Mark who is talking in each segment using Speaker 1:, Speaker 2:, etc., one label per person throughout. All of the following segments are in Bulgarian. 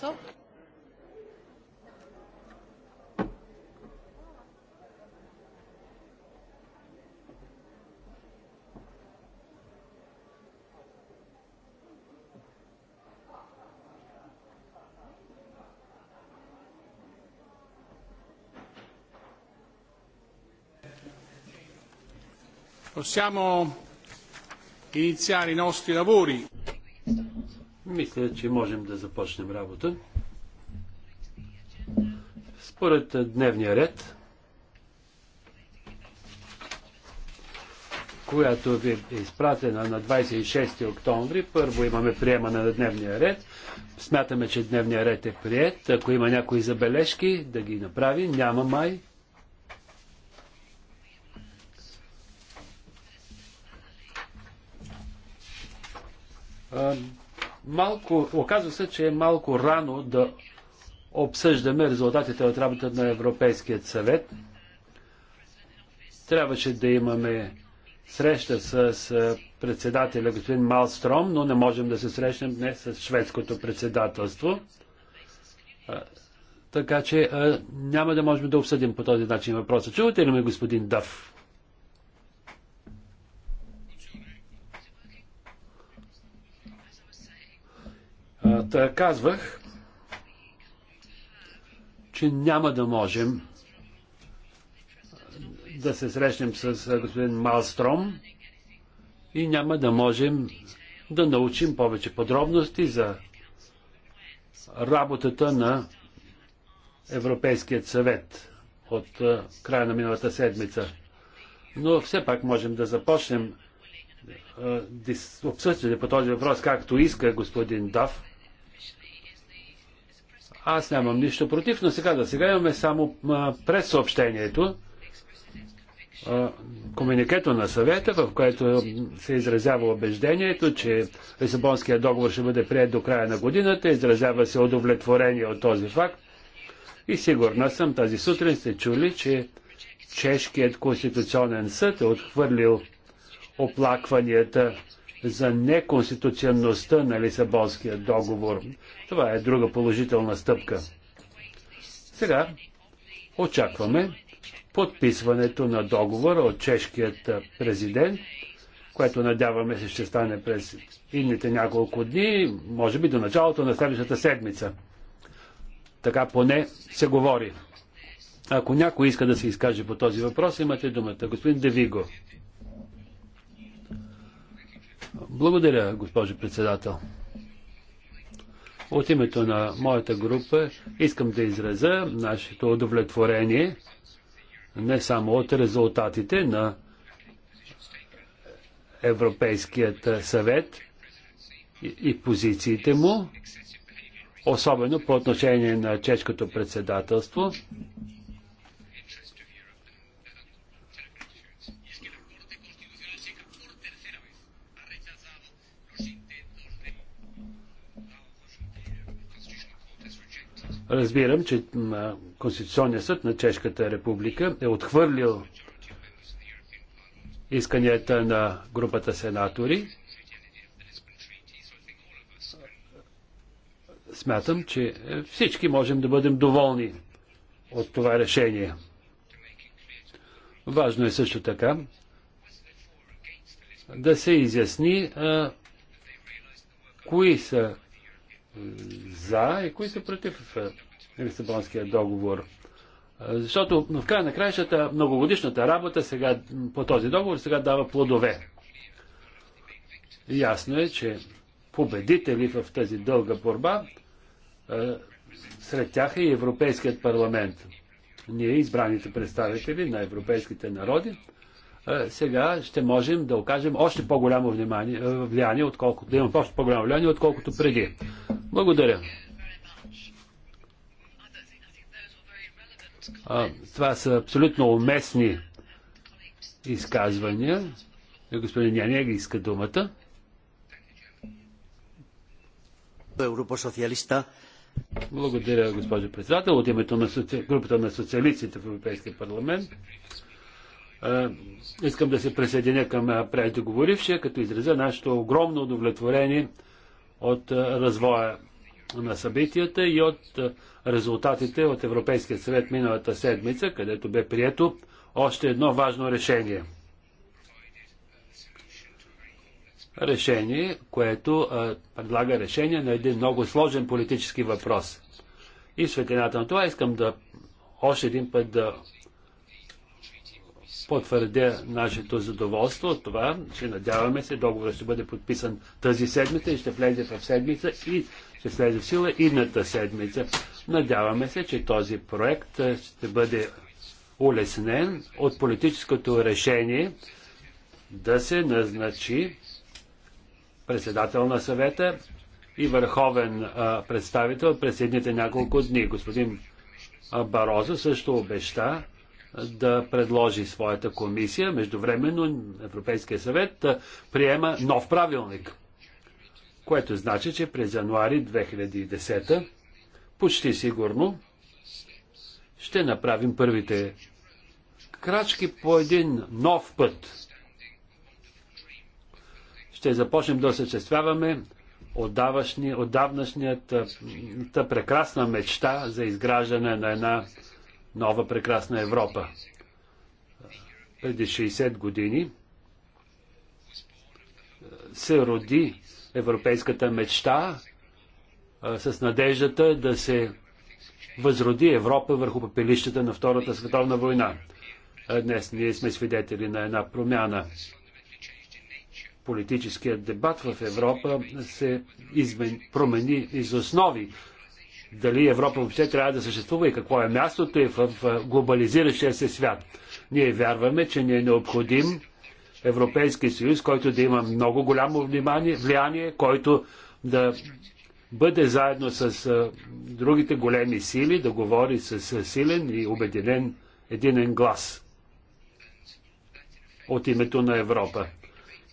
Speaker 1: Barroso.
Speaker 2: Possiamo iniziare i nostri lavori. Мисля, че можем да започнем работа. Според дневния ред, която ви е изпратена на 26 октомври, първо имаме приемане на дневния ред. Смятаме, че дневния ред е прият. Ако има някои забележки, да ги направи. Няма май. Малко, оказва се, че е малко рано да обсъждаме резултатите от работата на Европейският съвет. Трябваше да имаме среща с председателя господин Малстром, но не можем да се срещнем днес с шведското председателство. Така че няма да можем да обсъдим по този начин въпроса. Чувате ли ме, господин Дъв? Та казвах, че няма да можем да се срещнем с господин Малстром и няма да можем да научим повече подробности за работата на Европейският съвет от края на миналата седмица. Но все пак можем да започнем обсъждане по този въпрос, както иска господин Дав. Аз нямам нищо против, но сега да сега имаме само пред съобщението, комуникето на съвета, в което се изразява убеждението, че Лисабонския договор ще бъде прият до края на годината, изразява се удовлетворение от този факт. И сигурна съм, тази сутрин сте чули, че Чешкият конституционен съд е отхвърлил оплакванията за неконституционността на Лисабонския договор. Това е друга положителна стъпка. Сега очакваме подписването на договора от чешкият президент, което надяваме се ще стане през идните няколко дни, може би до началото на следващата седмица. Така поне се говори. Ако някой иска да се изкаже по този въпрос, имате думата. Господин Девиго. Благодаря, госпожо председател. От името на моята група искам да изразя нашето удовлетворение не само от резултатите на Европейският съвет и позициите му, особено по отношение на чешкото председателство, Разбирам, че Конституционният съд на Чешката република е отхвърлил исканията на групата сенатори. Смятам, че всички можем да бъдем доволни от това решение. Важно е също така да се изясни а, кои са за и кои са против е, Лисабонския договор. Е, защото в края на краищата многогодишната работа сега, по този договор сега дава плодове. Ясно е, че победители в тази дълга борба, е, сред тях е и Европейският парламент. Ние, избраните представители на европейските народи, сега ще можем да окажем още по-голямо внимание, влияние, отколкото, да имаме още по-голямо влияние, отколкото преди. Благодаря. А, това са абсолютно уместни изказвания. Господин ги иска думата. Благодаря, госпожо председател. От името на соци... групата на социалистите в Европейския парламент а, искам да се присъединя към преждеговорившия, като изразя нашето огромно удовлетворение от е, развоя на събитията и от е, резултатите от Европейския съвет миналата седмица, където бе прието още едно важно решение. Решение, което е, предлага решение на един много сложен политически въпрос. И светлината на това искам да още един път да потвърдя нашето задоволство от това, че надяваме се договорът ще бъде подписан тази седмица и ще влезе в седмица и ще слезе в сила идната седмица. Надяваме се, че този проект е, ще бъде улеснен от политическото решение да се назначи председател на съвета и върховен а, представител през едните няколко дни. Господин Барозо също обеща да предложи своята комисия. Междувременно Европейския съвет приема нов правилник, което значи, че през януари 2010 почти сигурно ще направим първите крачки по един нов път. Ще започнем да осъществяваме отдавнашният прекрасна мечта за изграждане на една нова прекрасна Европа. Преди 60 години се роди европейската мечта с надеждата да се възроди Европа върху пепелищата на Втората световна война. Днес ние сме свидетели на една промяна. Политическият дебат в Европа се измен, промени из основи дали Европа въобще трябва да съществува и какво е мястото и в глобализиращия се свят. Ние вярваме, че ни е необходим Европейски съюз, който да има много голямо внимание, влияние, който да бъде заедно с другите големи сили, да говори с, с силен и обединен единен глас от името на Европа.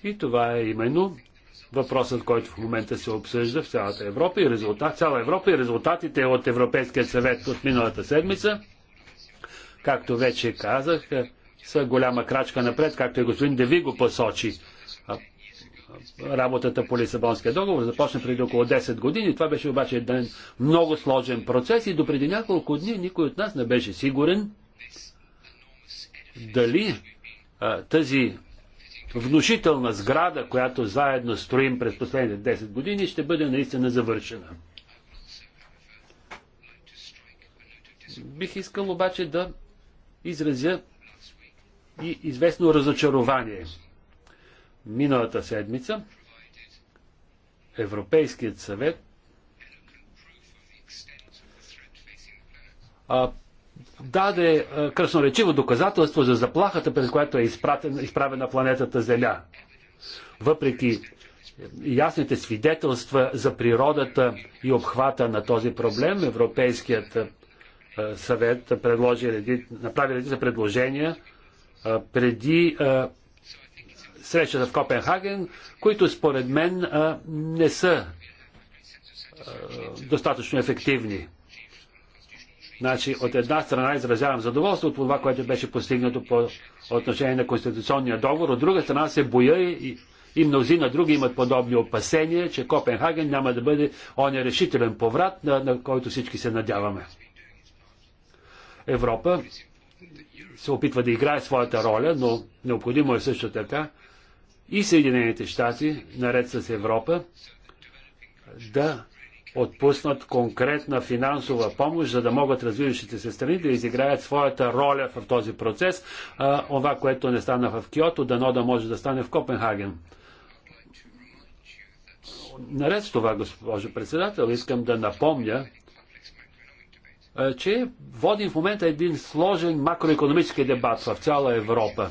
Speaker 2: И това е именно въпросът, който в момента се обсъжда в цялата Европа и, резултат, цяла Европа и резултатите от Европейския съвет от миналата седмица, както вече казах, е, са голяма крачка напред, както и господин Деви го посочи. Работата по Лисабонския договор започна преди около 10 години. Това беше обаче един много сложен процес и допреди няколко дни никой от нас не беше сигурен дали а, тази внушителна сграда, която заедно строим през последните 10 години, ще бъде наистина завършена. Бих искал обаче да изразя и известно разочарование. Миналата седмица Европейският съвет даде е, красноречиво доказателство за заплахата, през която е изправена планетата Земя. Въпреки е, ясните свидетелства за природата и обхвата на този проблем, Европейският е, съвет предложи, направи редица предложения преди срещата в Копенхаген, които според мен не са достатъчно ефективни. Значи, от една страна изразявам задоволство от това, което беше постигнато по отношение на Конституционния договор, от друга страна се боя и, и мнозина други имат подобни опасения, че Копенхаген няма да бъде оня решителен поврат, на, на който всички се надяваме. Европа се опитва да играе своята роля, но необходимо е също така и Съединените щати, наред с Европа, да отпуснат конкретна финансова помощ, за да могат развиващите се страни да изиграят своята роля в този процес. А, това, което не стана в Киото, дано да може да стане в Копенхаген. Наред с това, госпожо председател, искам да напомня, че водим в момента един сложен макроекономически дебат в цяла Европа.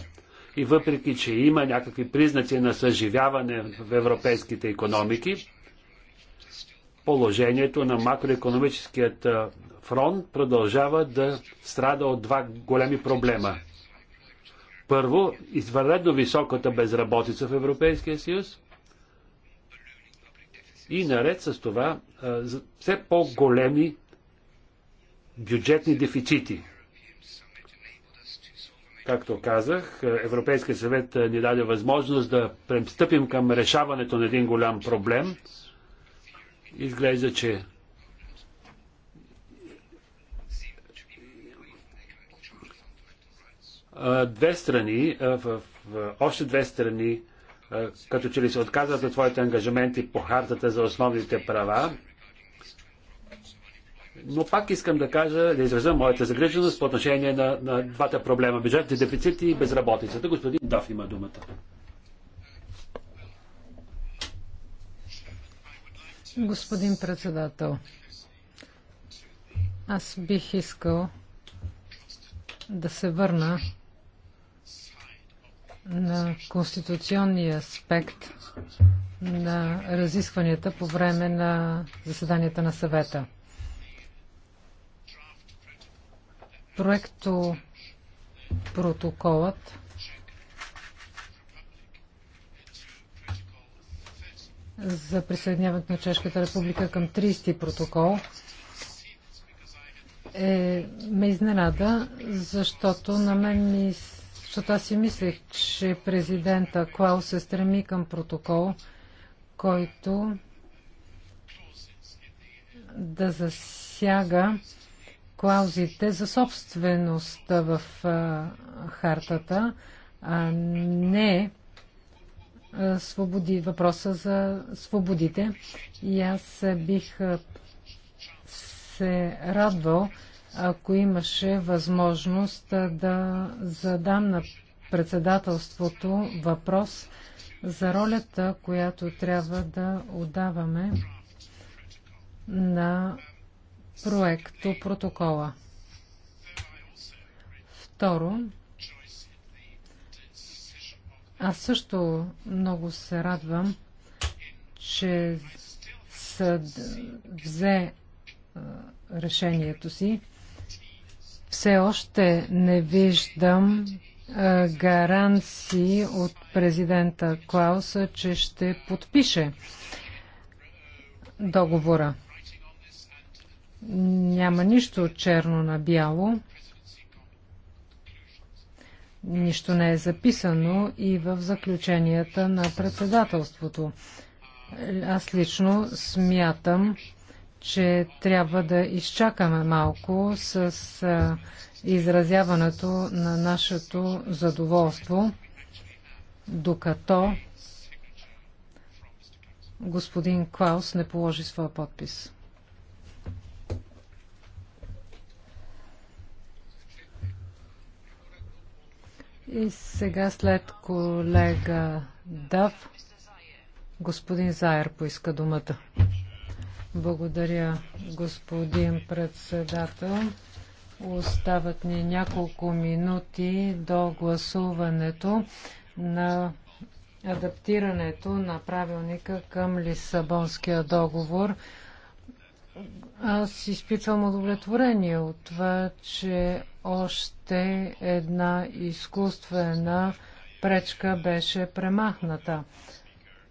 Speaker 2: И въпреки, че има някакви признаци на съживяване в европейските економики, положението на макроекономическият фронт продължава да страда от два големи проблема. Първо, извънредно високата безработица в Европейския съюз и наред с това все по-големи бюджетни дефицити. Както казах, Европейския съвет ни даде възможност да пристъпим към решаването на един голям проблем – изглежда, че две страни, в, още две страни, като че ли се отказват от своите ангажименти по хартата за основните права. Но пак искам да кажа, да изразя моята загриженост по отношение на, на двата проблема бюджетните дефицити и безработицата. Господин Дав има думата.
Speaker 3: Господин председател, аз бих искал да се върна на конституционния аспект на разискванията по време на заседанията на съвета. Проекто протоколът за присъединяването на Чешката република към 30 ти протокол е, ме изненада, защото на мен ми, защото аз си мислех, че президента Клаус се стреми към протокол, който да засяга клаузите за собственост в а, хартата, а не свободи, въпроса за свободите. И аз бих се радвал, ако имаше възможност да задам на председателството въпрос за ролята, която трябва да отдаваме на проекто протокола. Второ, аз също много се радвам, че съд взе решението си. Все още не виждам гаранции от президента Клауса, че ще подпише договора. Няма нищо черно на бяло нищо не е записано и в заключенията на председателството. Аз лично смятам, че трябва да изчакаме малко с изразяването на нашето задоволство, докато господин Клаус не положи своя подпис. И сега след колега Дав, господин Заер поиска думата. Благодаря, господин председател. Остават ни няколко минути до гласуването на адаптирането на правилника към Лисабонския договор. Аз изпитвам удовлетворение от това, че още една изкуствена пречка беше премахната.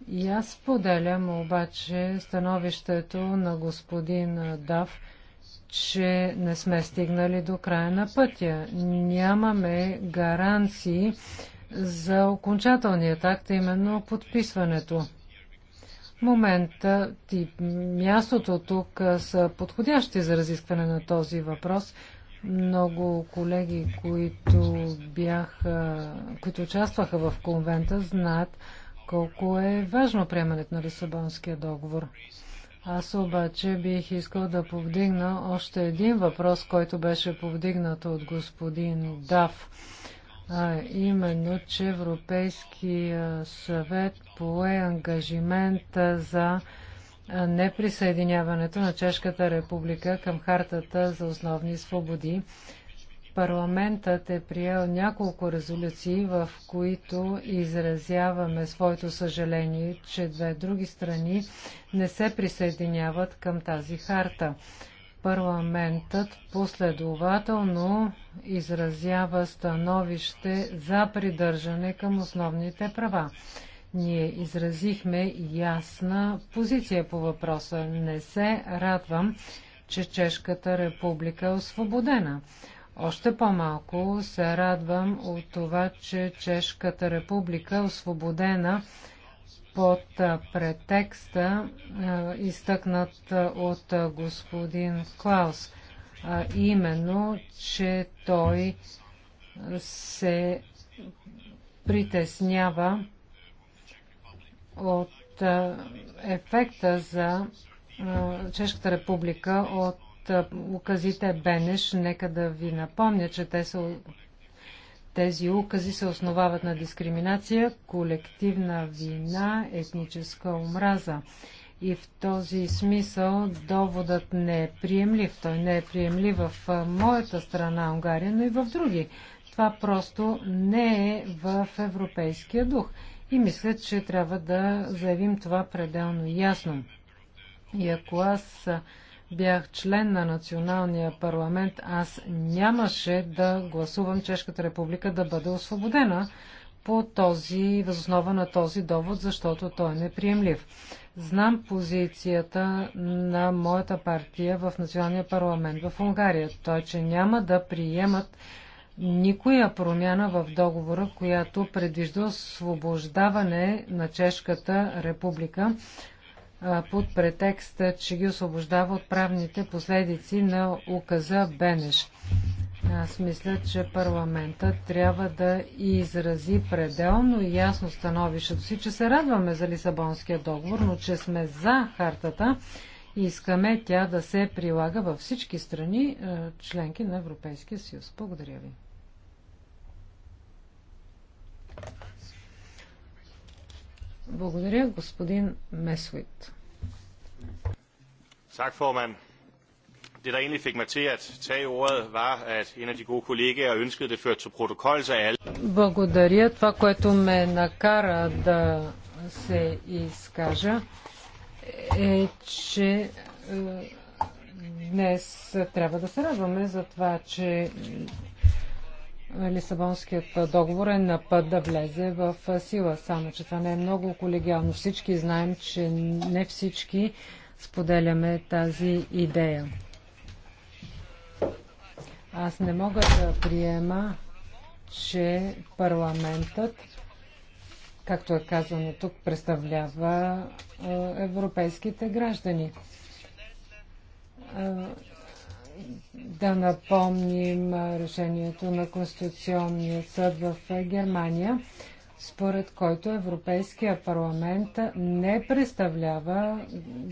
Speaker 3: И аз поделям обаче становището на господин Дав, че не сме стигнали до края на пътя. Нямаме гаранции за окончателният акт, именно подписването. Момента и мястото тук са подходящи за разискване на този въпрос. Много колеги, които, бяха, които участваха в конвента, знаят колко е важно приемането на Лисабонския договор. Аз обаче бих искал да повдигна още един въпрос, който беше повдигнат от господин Дав а именно, че Европейския съвет пое ангажимент за неприсъединяването на Чешката република към Хартата за основни свободи. Парламентът е приел няколко резолюции, в които изразяваме своето съжаление, че две други страни не се присъединяват към тази харта парламентът последователно изразява становище за придържане към основните права. Ние изразихме ясна позиция по въпроса. Не се радвам, че Чешката република е освободена. Още по-малко се радвам от това, че Чешката република е освободена под претекста, изтъкнат от господин Клаус, а именно, че той се притеснява от ефекта за Чешката република от указите Бенеш. Нека да ви напомня, че те са тези укази се основават на дискриминация, колективна вина, етническа омраза. И в този смисъл доводът не е приемлив. Той не е приемлив в моята страна, Унгария, но и в други. Това просто не е в европейския дух. И мисля, че трябва да заявим това пределно ясно. И ако аз бях член на националния парламент, аз нямаше да гласувам Чешката република да бъде освободена по този, възоснова на този довод, защото той е неприемлив. Знам позицията на моята партия в националния парламент в Унгария. Той, че няма да приемат никоя промяна в договора, която предвижда освобождаване на Чешката република под претекст, че ги освобождава от правните последици на указа Бенеш. Аз мисля, че парламента трябва да изрази пределно и ясно становището си, че се радваме за Лисабонския договор, но че сме за хартата и искаме тя да се прилага във всички страни, членки на Европейския съюз. Благодаря ви. Благодаря, господин Месвит.
Speaker 4: Tak, formand. Det, der egentlig fik mig til at tage ordet, var, at en af de gode kollegaer ønskede det ført til protokolls af alle.
Speaker 3: Благодаря. Това, което ме накара да се изкажа, е, че днес трябва да се радваме за това, че Лисабонският договор е на път да влезе в сила, само че това не е много колегиално. Всички знаем, че не всички споделяме тази идея. Аз не мога да приема, че парламентът, както е казано тук, представлява е, европейските граждани е, да напомним решението на Конституционния съд в Германия, според който Европейския парламент не представлява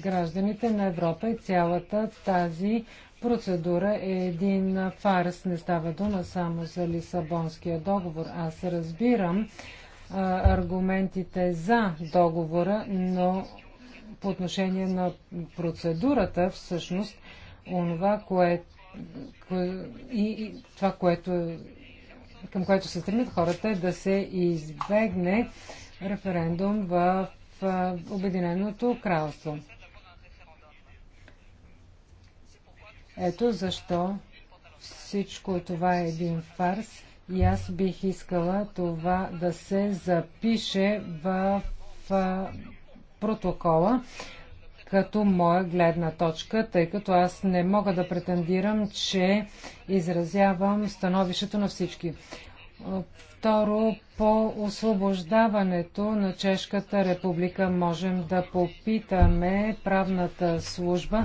Speaker 3: гражданите на Европа и цялата тази процедура е един фарс. Не става дума само за Лисабонския договор. Аз разбирам а, аргументите за договора, но по отношение на процедурата всъщност онова, кое, кое, и, и това, което, към което се стремят хората, е да се избегне референдум в, в Обединеното кралство. Ето защо всичко това е един фарс и аз бих искала това да се запише в, в протокола като моя гледна точка, тъй като аз не мога да претендирам, че изразявам становището на всички. Второ, по освобождаването на Чешката република можем да попитаме правната служба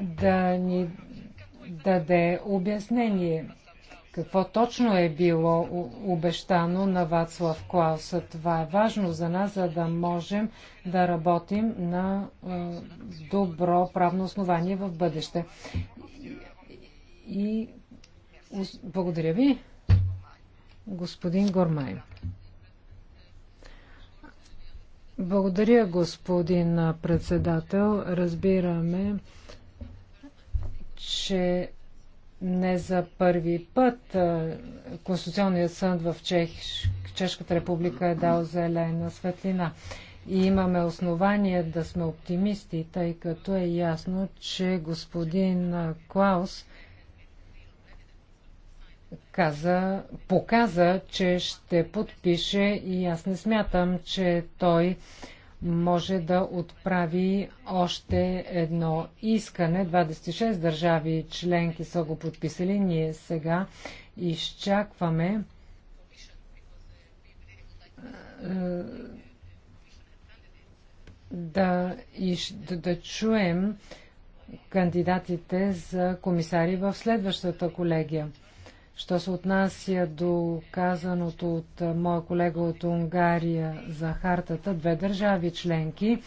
Speaker 3: да ни даде обяснение какво точно е било обещано на Вацлав Клаус. Това е важно за нас, за да можем да работим на добро правно основание в бъдеще. И благодаря ви, господин Гормай. Благодаря, господин председател. Разбираме, че не за първи път Конституционният съд в Чех, Чешката република е дал зелена светлина. И имаме основания да сме оптимисти, тъй като е ясно, че господин Клаус каза, показа, че ще подпише и аз не смятам, че той може да отправи още едно искане. 26 държави членки са го подписали. Ние сега изчакваме е, да, да, да чуем кандидатите за комисари в следващата колегия. Що се отнася до казаното от моя колега от Унгария за хартата, две държави членки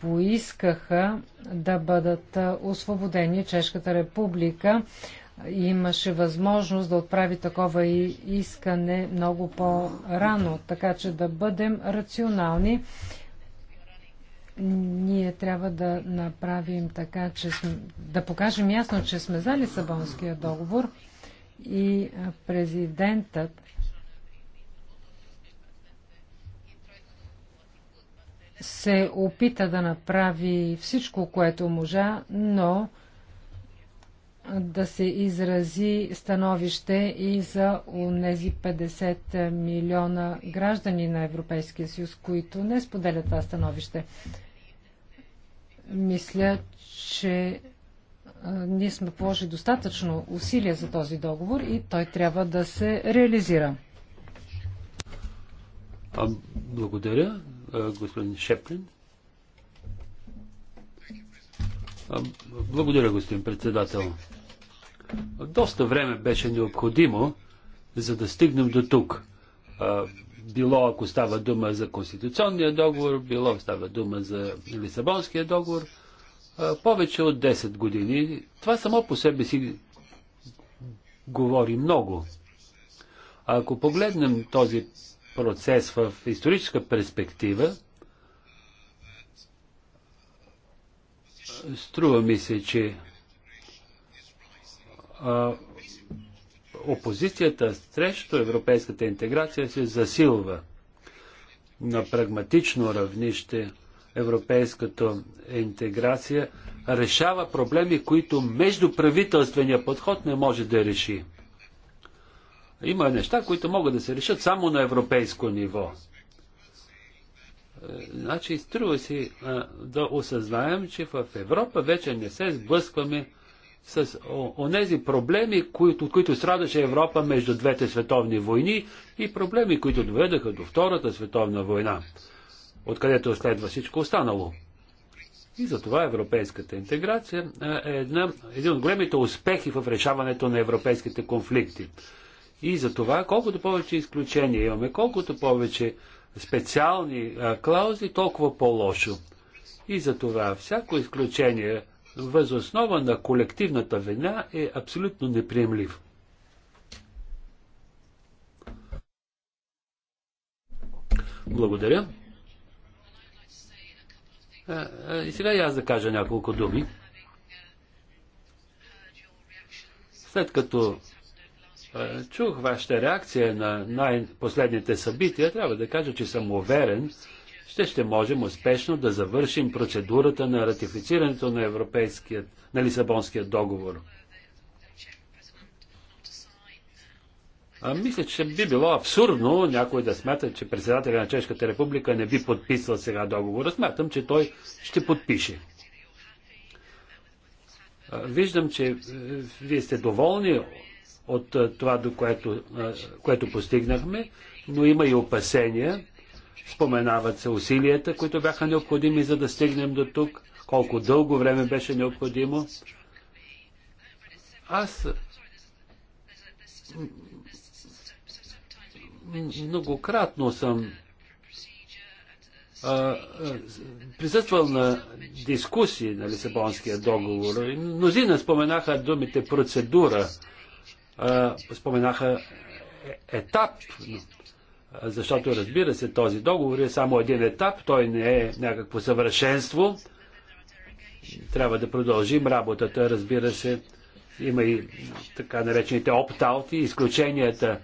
Speaker 3: поискаха да бъдат освободени. Чешката република имаше възможност да отправи такова и искане много по-рано, така че да бъдем рационални. Ние трябва да направим така, че сме, да покажем ясно, че сме за Лисабонския договор и президентът се опита да направи всичко, което можа, но да се изрази становище и за тези 50 милиона граждани на Европейския съюз, които не споделят това становище. Мисля, че ние сме положили достатъчно усилия за този договор и той трябва да се реализира.
Speaker 2: А, благодаря, господин Шеплин. А, благодаря, господин председател. Доста време беше необходимо, за да стигнем до тук. А, било ако става дума за Конституционния договор, било става дума за Лисабонския договор – повече от 10 години. Това само по себе си говори много. А ако погледнем този процес в историческа перспектива, струва ми се, че а, опозицията срещу европейската интеграция се засилва на прагматично равнище – европейската интеграция решава проблеми, които междуправителствения подход не може да реши. Има неща, които могат да се решат само на европейско ниво. Е, значи, струва си а, е, да осъзнаем, че в Европа вече не се сблъскваме с онези проблеми, които, от които страдаше Европа между двете световни войни и проблеми, които доведаха до Втората световна война откъдето следва всичко останало. И затова европейската интеграция е една, един от големите успехи в решаването на европейските конфликти. И затова, колкото повече изключения имаме, колкото повече специални а, клаузи, толкова по-лошо. И затова всяко изключение възоснова на колективната вина е абсолютно неприемлив. Благодаря. Е, е, и сега и аз да кажа няколко думи. След като е, чух вашата реакция на най-последните събития, трябва да кажа, че съм уверен, ще ще можем успешно да завършим процедурата на ратифицирането на, европейският, на Лисабонския договор. А, мисля, че би било абсурдно някой да смята, че председателя на Чешката република не би подписал сега договора. Смятам, че той ще подпише. А, виждам, че е, вие сте доволни от е, това, до което, е, което постигнахме, но има и опасения. Споменават се усилията, които бяха необходими, за да стигнем до тук, колко дълго време беше необходимо. Аз многократно съм присъствал на дискусии на Лисабонския договор. и Мнозина споменаха думите процедура, споменаха етап, защото разбира се, този договор е само един етап, той не е някакво съвършенство. Трябва да продължим работата, разбира се. Има и така наречените опт-аути, изключенията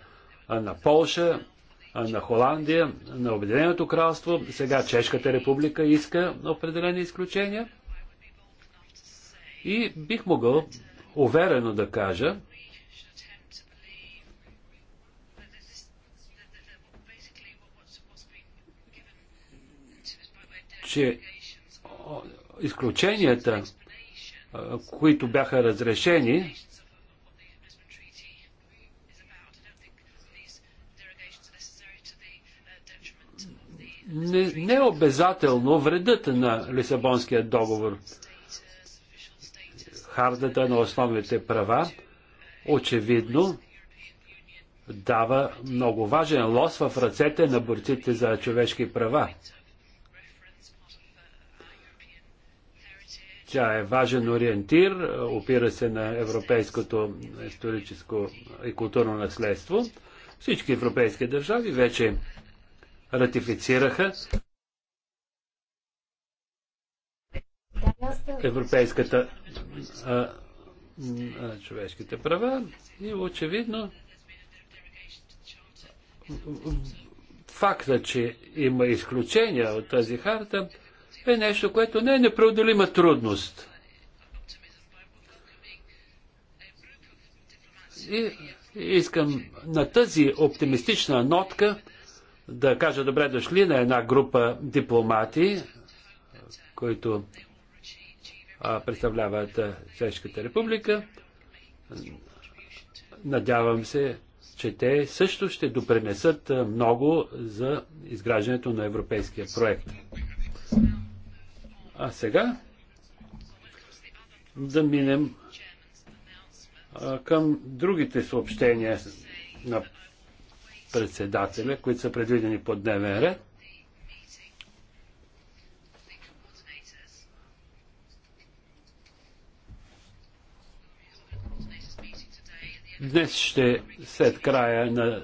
Speaker 2: на Полша, на Холандия, на Обединеното кралство, сега Чешката република иска определени изключения. И бих могъл уверено да кажа, че изключенията, които бяха разрешени, не, не обязателно вредът на Лисабонския договор. Хардата на основните права очевидно дава много важен лос в ръцете на борците за човешки права. Тя е важен ориентир, опира се на европейското историческо и културно наследство. Всички европейски държави вече ратифицираха Европейската а, а, човешките права и очевидно факта, че има изключения от тази харта е нещо, което не е непреодолима трудност. И искам на тази оптимистична нотка да кажа добре дошли на една група дипломати, които представляват Чешката република. Надявам се, че те също ще допренесат много за изграждането на европейския проект. А сега да минем към другите съобщения на председателя, които са предвидени по дневен ред. Днес ще, след края на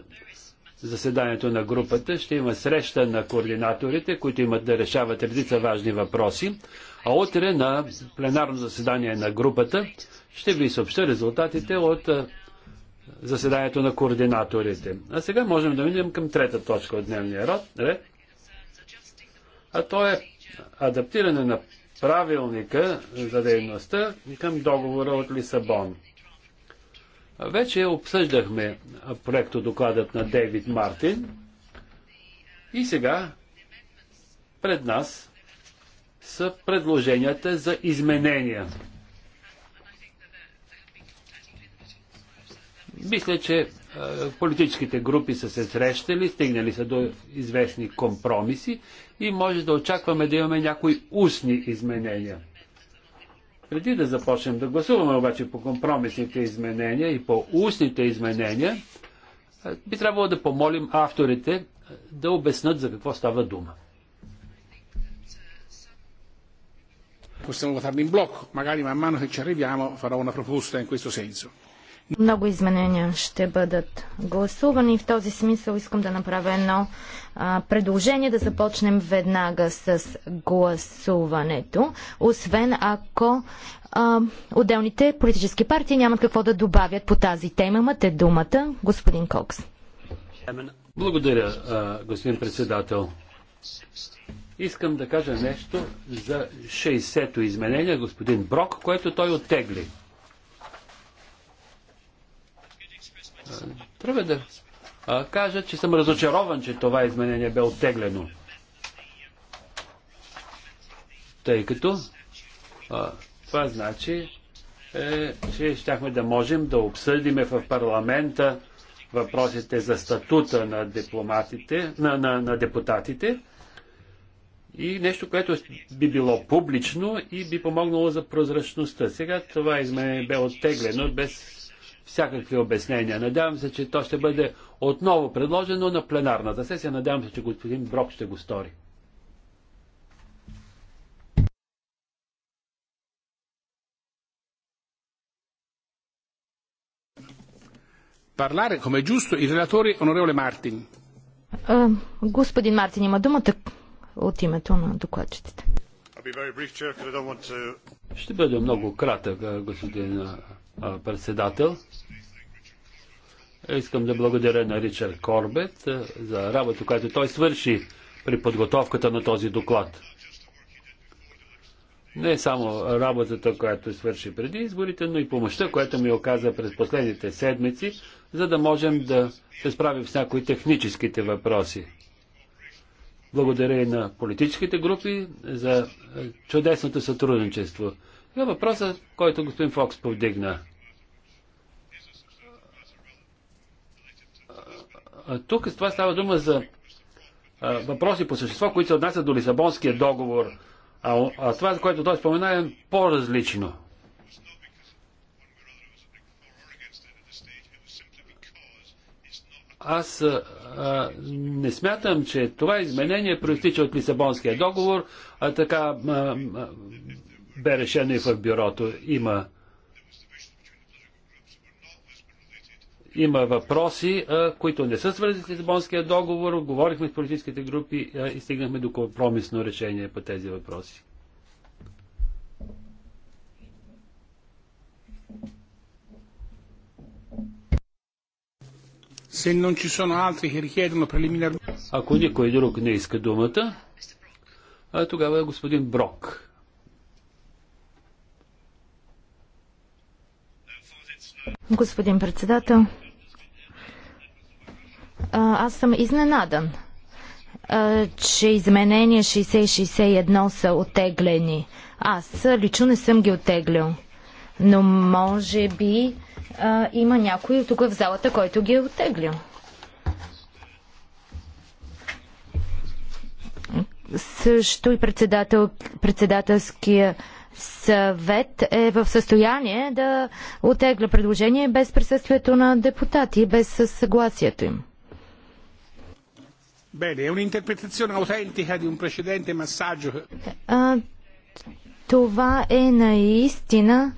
Speaker 2: заседанието на групата, ще има среща на координаторите, които имат да решават редица важни въпроси, а утре на пленарно заседание на групата ще ви съобща резултатите от заседанието на координаторите. А сега можем да минем към трета точка от дневния ред, а то е адаптиране на правилника за дейността към договора от Лисабон. Вече обсъждахме проекто докладът на Дейвид Мартин и сега пред нас са предложенията за изменения. Мисля, че е, политическите групи са се срещали, стигнали са до известни компромиси и може да очакваме да имаме някои устни изменения. Преди да започнем да гласуваме обаче по компромисните изменения и по устните изменения, е, би трябвало да помолим авторите е, да обяснат за какво става дума.
Speaker 4: Possiamo farlo in blocco, magari man mano che ci arriviamo farò una proposta in questo senso. Много
Speaker 5: изменения ще бъдат гласувани. В този смисъл искам да направя едно а, предложение да започнем веднага с гласуването, освен ако а, отделните политически партии нямат какво да добавят по тази тема. Имате думата, господин Кокс.
Speaker 2: Благодаря, а, господин председател. Искам да кажа нещо за 60-то изменение, господин Брок, което той оттегли. Трябва да кажа, че съм разочарован, че това изменение бе оттеглено. Тъй като а, това значи, е, че щяхме да можем да обсъдиме в парламента въпросите за статута на, дипломатите, на, на, на депутатите и нещо, което би било публично и би помогнало за прозрачността. Сега това изменение бе оттеглено без всякакви обяснения. Надявам се, че то ще бъде отново предложено на пленарната сесия. Надявам се, че господин Брок ще го стори.
Speaker 4: Парларе, come giusto, il relatore onorevole Мартин.
Speaker 3: Господин
Speaker 5: Мартин има думата от името на докладчиците.
Speaker 2: Ще бъда много кратък, господин председател. Искам да благодаря на Ричард Корбет за работа, която той свърши при подготовката на този доклад. Не само работата, която свърши преди изборите, но и помощта, която ми оказа през последните седмици, за да можем да се справим с някои техническите въпроси. Благодаря и на политическите групи за чудесното сътрудничество е въпроса, който господин Фокс повдигна. Тук с това става дума за въпроси по същество, които се отнасят до Лисабонския договор. А, а това, за което той спомена, е по-различно. Аз а, не смятам, че това изменение проистича от Лисабонския договор, а така а, бе решено и в бюрото. Има има въпроси, които не са свързани с Лисабонския договор. Говорихме с политическите групи и стигнахме до компромисно решение по тези въпроси. Ако никой друг не иска думата, тогава е господин Брок.
Speaker 5: Господин председател, аз съм изненадан, че изменения 60 61 са отеглени. Аз лично не съм ги отеглил. Но може би а, има някой тук в залата, който ги е оттеглил. Също и председател, председателския съвет е в състояние да отегля предложение без присъствието на депутати, без съгласието им.
Speaker 4: Bene, è un'interpretazione autentica di un precedente massaggio.
Speaker 5: това е наистина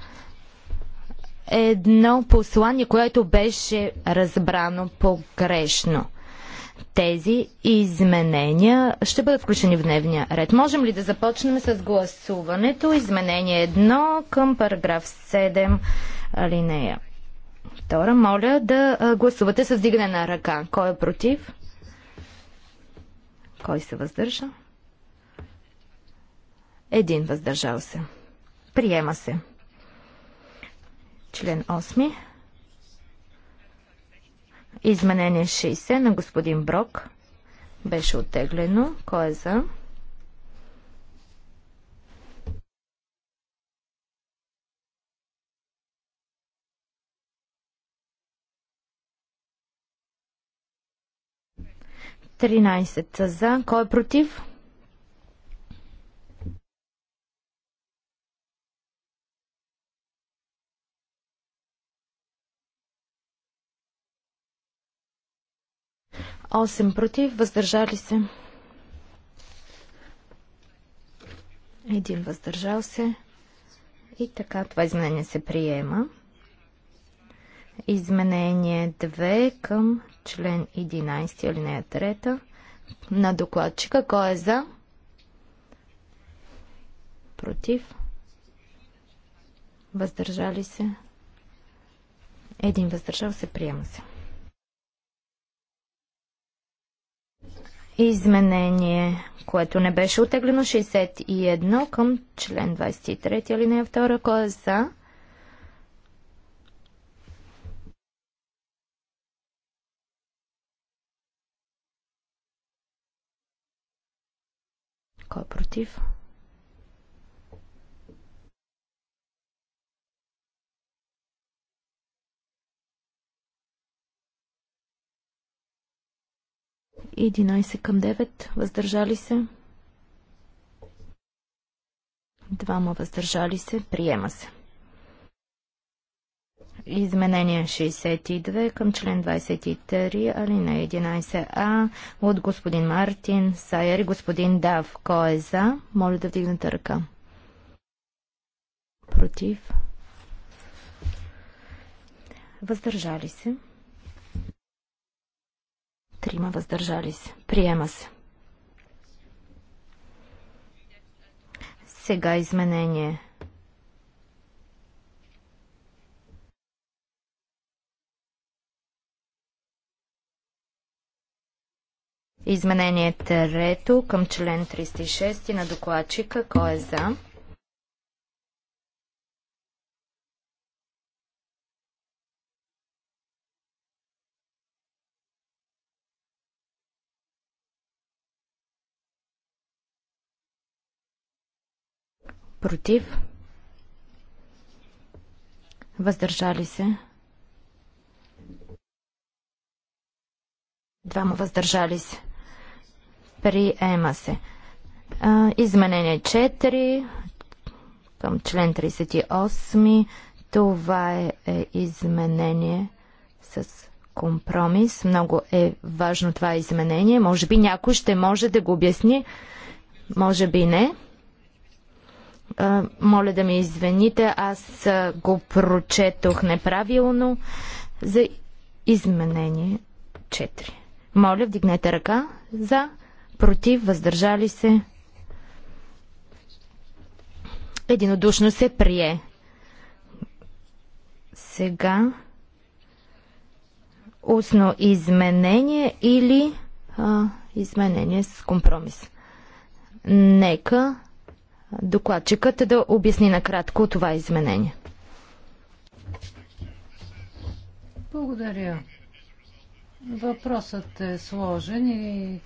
Speaker 5: едно послание, което беше разбрано погрешно тези изменения ще бъдат включени в дневния ред. Можем ли да започнем с гласуването? Изменение 1 към параграф 7 алинея. Втора, моля да гласувате с дигане на ръка. Кой е против? Кой се въздържа? Един въздържал се. Приема се. Член 8. Изменение 60 на господин Брок беше оттеглено. Кой е за? Тринайсет за. Кой е против? 8 против, въздържали се. Един въздържал се. И така, това изменение се приема. Изменение 2 към член 11, алинея 3 на докладчика. Кой е за? Против? Въздържали се? Един въздържал се, приема се. изменение, което не беше отеглено, 61 към член 23, алинея 2, кой е за?
Speaker 1: Кой е против?
Speaker 5: 11 към 9. Въздържали се. Двама въздържали се. Приема се. Изменение 62 към член 23, алина 11а от господин Мартин Сайер и господин Дав. Кой е за? Моля да вдигнете ръка. Против. Въздържали се. Трима въздържали се. Приема се. Сега изменение. Изменение трето към член 306 на докладчика. Кой е за? Против. Въздържали се. Двама въздържали се. Приема се. Изменение 4 към член 38. Това е, е изменение с компромис. Много е важно това изменение. Може би някой ще може да го обясни, може би не моля да ме извините, аз го прочетох неправилно за изменение 4. Моля, вдигнете ръка за, против, въздържали се. Единодушно се прие. Сега устно изменение или а, изменение с компромис. Нека докладчикът да обясни накратко това изменение.
Speaker 3: Благодаря. Въпросът е сложен и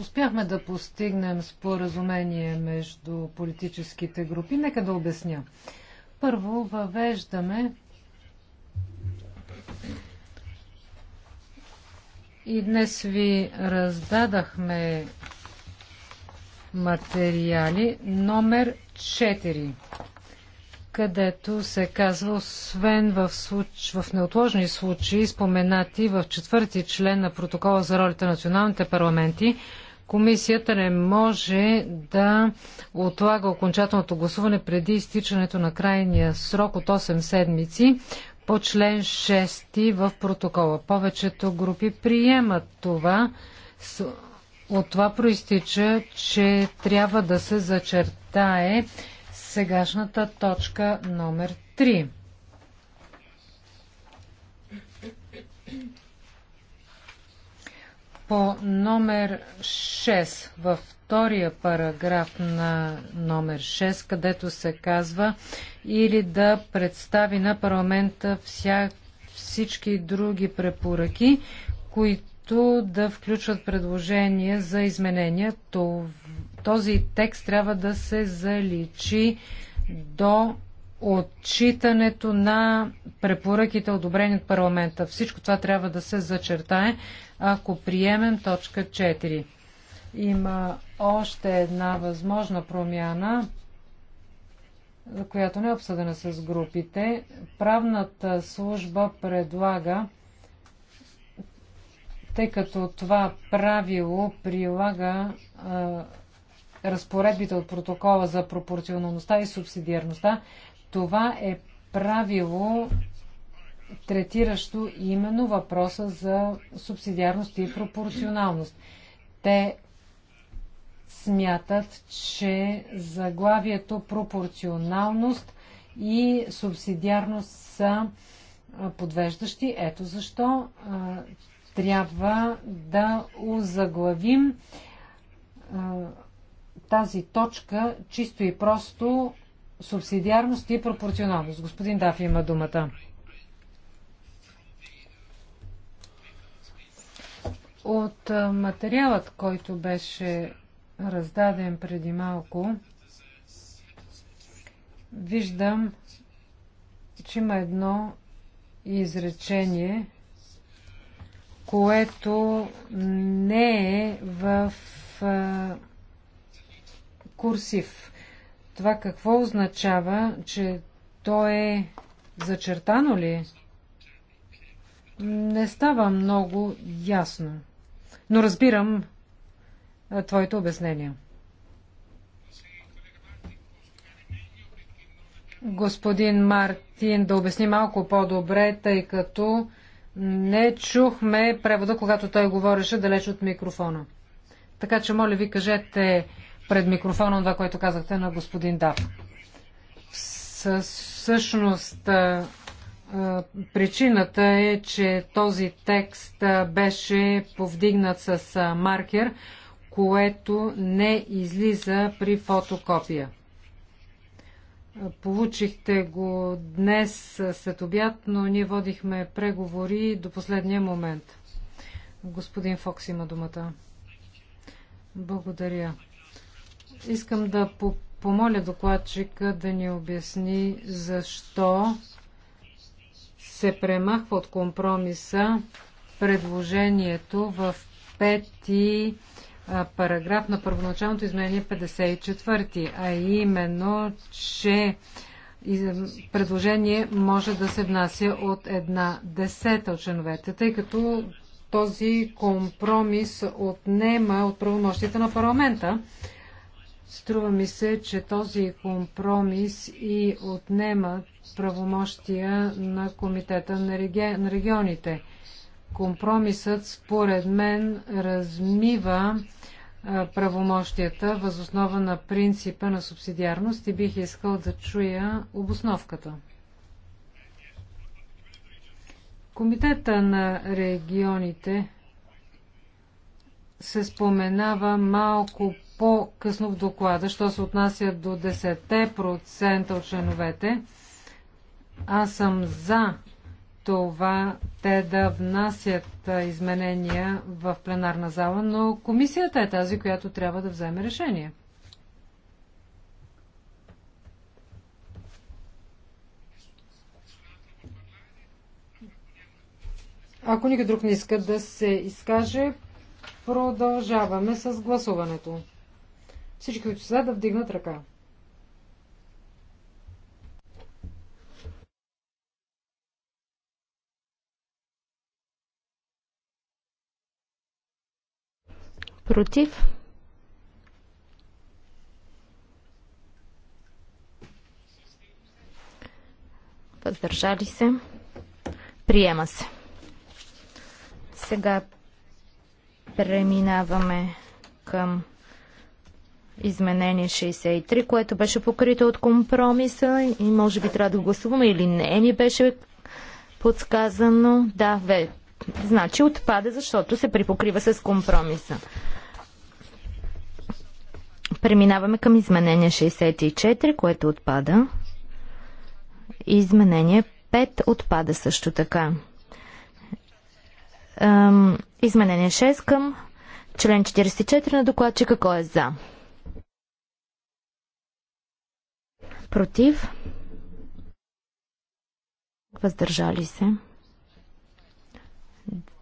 Speaker 3: успяхме да постигнем споразумение между политическите групи. Нека да обясня. Първо въвеждаме и днес ви раздадахме материали, номер 4, където се казва, освен в, случ... в неотложни случаи, споменати в четвърти член на протокола за ролите на националните парламенти, Комисията не може да отлага окончателното гласуване преди изтичането на крайния срок от 8 седмици по член 6 в протокола. Повечето групи приемат това от това проистича, че трябва да се зачертае сегашната точка номер 3. По номер 6, във втория параграф на номер 6, където се казва или да представи на парламента вся, всички други препоръки, които също да включват предложения за изменения. Този текст трябва да се заличи до отчитането на препоръките, одобрени от парламента. Всичко това трябва да се зачертае, ако приемем точка 4. Има още една възможна промяна, която не е обсъдена с групите. Правната служба предлага тъй като това правило прилага а, разпоредбите от протокола за пропорционалността и субсидиарността. Това е правило, третиращо именно въпроса за субсидиарност и пропорционалност. Те смятат, че заглавието пропорционалност и субсидиарност са подвеждащи. Ето защо трябва да озаглавим тази точка чисто и просто субсидиарност и пропорционалност. Господин Дафи има думата. От материалът, който беше раздаден преди малко, виждам, че има едно изречение, което не е в курсив. Това какво означава, че то е зачертано ли? Не става много ясно. Но разбирам твоето обяснения. Господин Мартин да обясни малко по-добре, тъй като не чухме превода, когато той говореше далеч от микрофона. Така че, моля ви, кажете пред микрофона това, което казахте на господин Дав. Всъщност, причината е, че този текст беше повдигнат с маркер, което не излиза при фотокопия. Получихте го днес след обяд, но ние водихме преговори до последния момент. Господин Фокс има думата. Благодаря. Искам да помоля докладчика да ни обясни защо се премахва от компромиса предложението в пети параграф на първоначалното изменение 54, а именно, че предложение може да се внася от една десета от членовете, тъй като този компромис отнема от правомощите на парламента. Струва ми се, че този компромис и отнема правомощия на Комитета на, на регионите. Компромисът, според мен, размива правомощията възоснова на принципа на субсидиарност и бих искал да чуя обосновката. Комитета на регионите се споменава малко по-късно в доклада, що се отнася до 10% от членовете. Аз съм за това те да внасят изменения в пленарна зала, но комисията е тази, която трябва да вземе решение. Ако никой друг не иска да се изкаже, продължаваме с гласуването. Всички, които са да вдигнат ръка.
Speaker 5: Против? Въздържали се? Приема се. Сега преминаваме към изменение 63, което беше покрито от компромиса и може би трябва да гласуваме или не, ни беше подсказано. Да, ве. Значи отпада, защото се припокрива с компромиса. Преминаваме към изменение 64, което отпада. Изменение 5 отпада също така. Изменение 6 към член 44 на докладчика. Кой е за? Против? Въздържали се?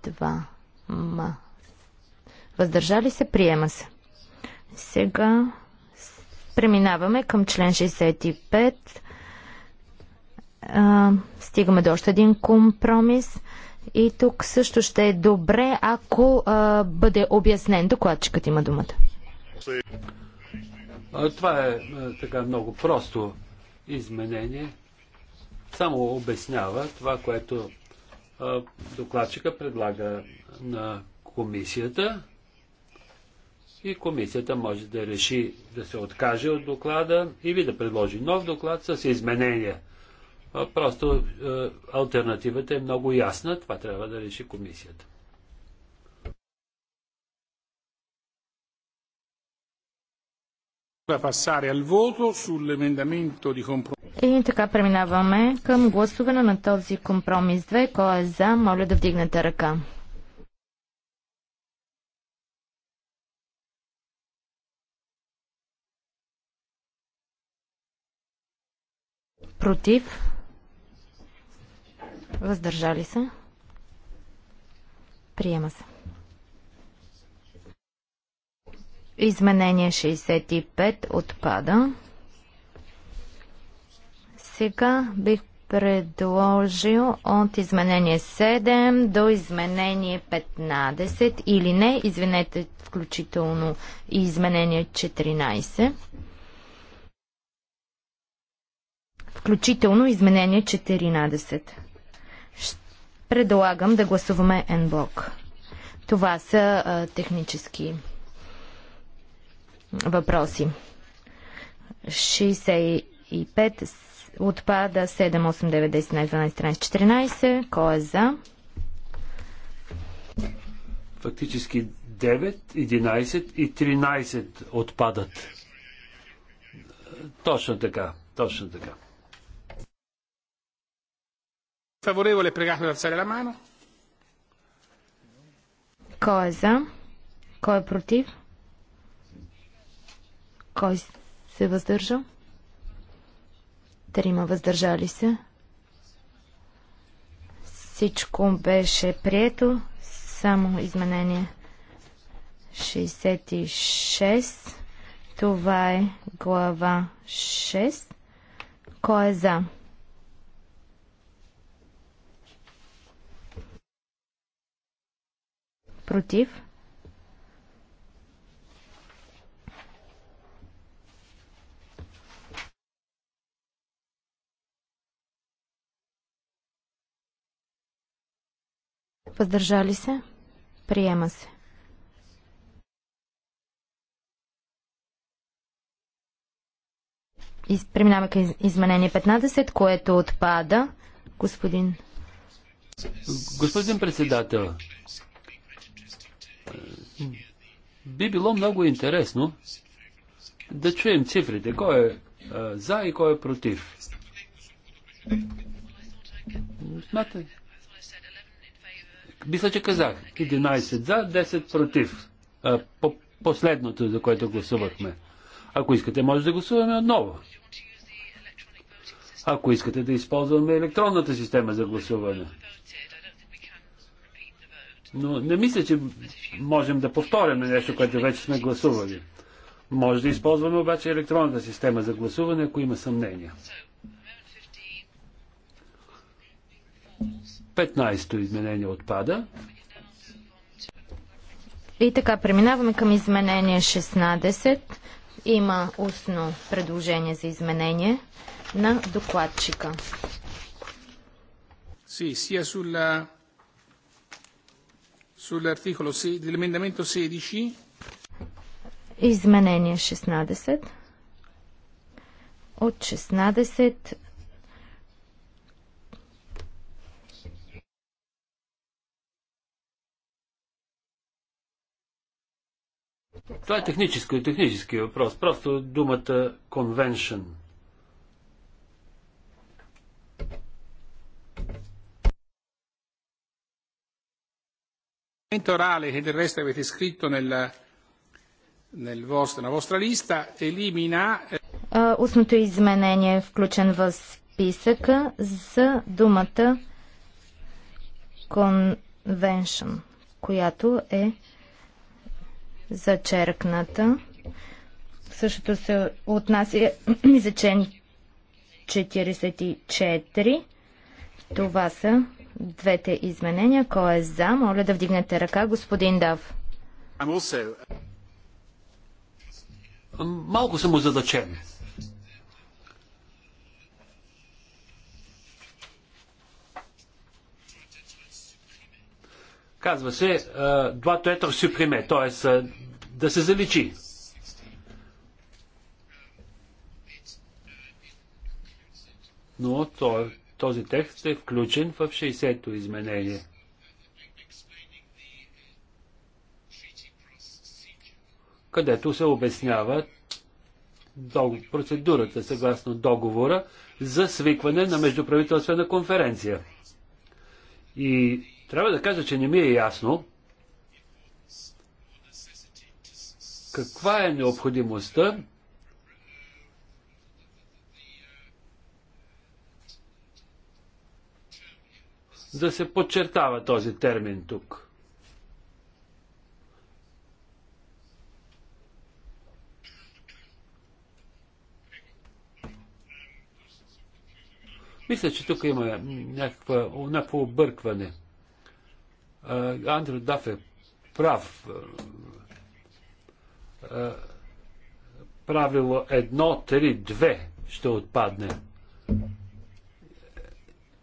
Speaker 5: Два. Ма. Въздържали се? Приема се. Сега преминаваме към член 65. А, стигаме до още един компромис. И тук също ще е добре, ако а, бъде обяснен. Докладчикът има думата.
Speaker 2: Това е така много просто изменение. Само обяснява това, което докладчика предлага на комисията и комисията може да реши да се откаже от доклада или да предложи нов доклад с изменения. Просто е, альтернативата е много ясна, това трябва да реши комисията.
Speaker 5: И така преминаваме към гласуване на този компромис 2. Кой е за, моля да вдигнете ръка. Против. Въздържали се. Приема се. Изменение 65 отпада. Сега бих предложил от изменение 7 до изменение 15 или не, извинете, включително и изменение 14 включително изменение 14. Предлагам да гласуваме N-блок. Това са а, технически въпроси. 65 отпада 7, 8, 9, 10, 11, 12, 14. Кой е за?
Speaker 2: Фактически 9, 11 и 13 отпадат. Точно така, точно така.
Speaker 4: Favorevole, pregato ad alzare la mano.
Speaker 5: Кой е за? Кой е против? Кой се въздържа? Трима въздържали се. Всичко беше прието, само изменение 66. Това е глава 6. Кой е за? Против. Въздържали се? Приема се. Преминаваме към изменение 15, което отпада. Господин.
Speaker 2: Господин председател, Би било много интересно да чуем цифрите. Кой е, е за и кой е против? Смятай. Мисля, че казах. 11 за, 10 против. А, е, по последното, за което гласувахме. Ако искате, може да гласуваме отново. Ако искате да използваме електронната система за гласуване. Но не мисля, че можем да повторим нещо, което вече сме гласували. Може да използваме обаче електронната система за гласуване, ако има съмнения. 15-то изменение отпада.
Speaker 5: И така, преминаваме към изменение 16. Има устно предложение за изменение на докладчика.
Speaker 4: Си, sia sulla sull'articolo dell'emendamento 16.
Speaker 5: Изменение 16. От 16
Speaker 2: Това е техническо технически въпрос. Просто думата convention –
Speaker 4: orale che del resto avete scritto nella, nel vostro, nella vostra lista elimina... Eh,
Speaker 5: uh, устното изменение е включен в списъка с думата convention, която е зачеркната. Същото се отнася и за изречение 44. Това са двете изменения. Кой е за? Моля да вдигнете ръка, господин Дав.
Speaker 2: Uh, Малко съм озадачен. Казва се uh, два тетър суприме, т.е. Uh, да се заличи. Но то е този текст е включен в 60-то изменение. където се обяснява процедурата съгласно договора за свикване на междуправителствена конференция. И трябва да кажа, че не ми е ясно каква е необходимостта да се подчертава този термин тук. Мисля, че тук има някаква, някакво объркване. Андрю Даф е прав. Правило 1, 3, 2 ще отпадне.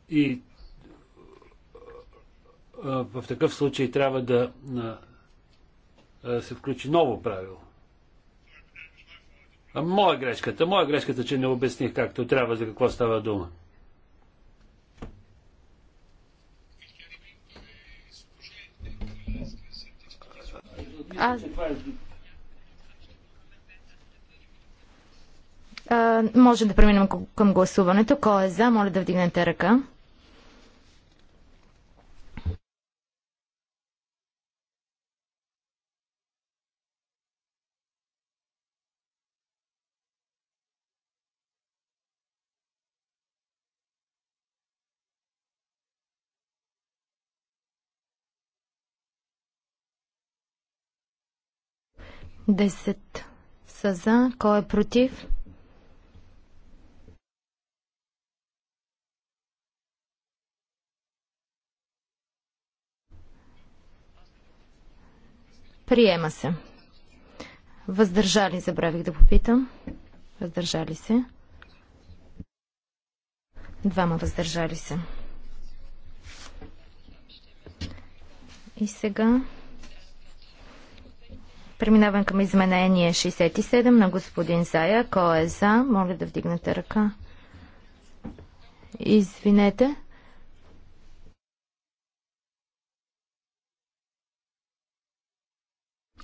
Speaker 2: И в такъв случай трябва да се включи ново правило. А моя грешката, моя грешката, че не обясних както трябва за какво става дума. А...
Speaker 5: а... може да преминем към гласуването. Кой е за? Моля да вдигнете ръка. 10 са за. Кой е против? Приема се. Въздържали, забравих да попитам. Въздържали се. Двама въздържали се. И сега Преминавам към изменение 67 на господин Зая. Кой е за? Моля да вдигнете ръка. Извинете.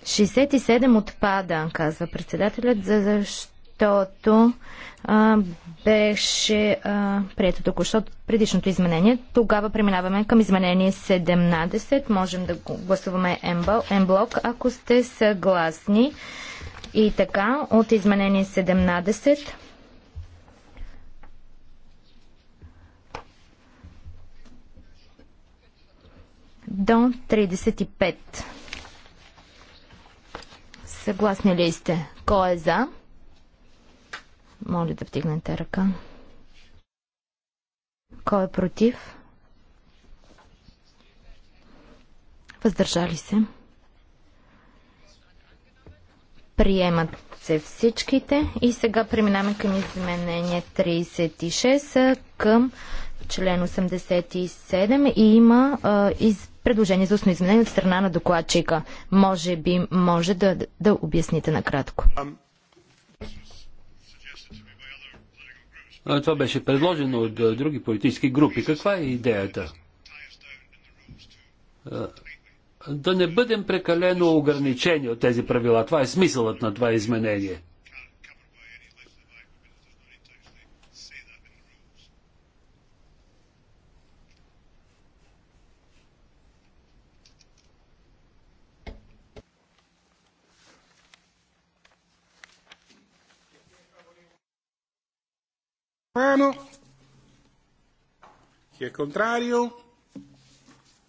Speaker 5: Шестдесет и седем отпада, казва председателят, за защо защото а, беше а, прието току-що предишното изменение. Тогава преминаваме към изменение 17. Можем да гласуваме М-блок, ако сте съгласни. И така, от изменение 17. до 35. Съгласни ли сте? Кой е за? Моля да вдигнете ръка. Кой е против? Въздържали се. Приемат се всичките. И сега преминаваме към изменение 36 към член 87 и има а, из, предложение за основно изменение от страна на докладчика. Може би може да, да обясните накратко.
Speaker 2: Това беше предложено от други политически групи. Каква е идеята? Да не бъдем прекалено ограничени от тези правила. Това е смисълът на това изменение.
Speaker 4: mano. Chi è contrario?